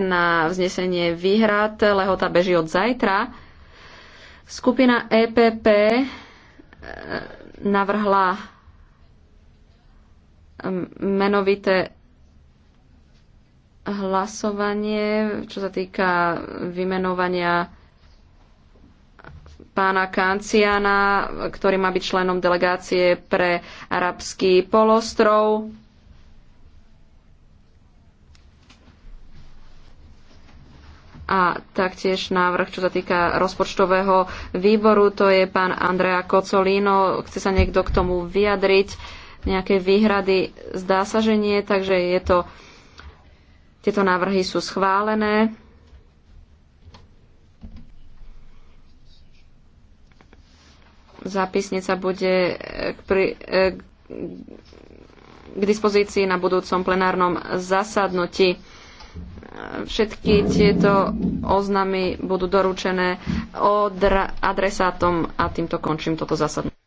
na vznesenie výhrad. Lehota beží od zajtra. Skupina EPP eh, navrhla eh, menovité hlasovanie, čo sa týka vymenovania pána Kanciana, ktorý má byť členom delegácie pre arabský polostrov. a taktiež návrh, čo sa týka rozpočtového výboru, to je pán Andrea Kocolino. Chce sa niekto k tomu vyjadriť? Nejaké výhrady? Zdá sa, že nie, takže je to, tieto návrhy sú schválené. Zápisnica bude eh, eh, k, pri, k dispozícii na budúcom plenárnom zasadnutí všetky tieto oznamy budú doručené od adresátom a týmto končím toto zasadnutie.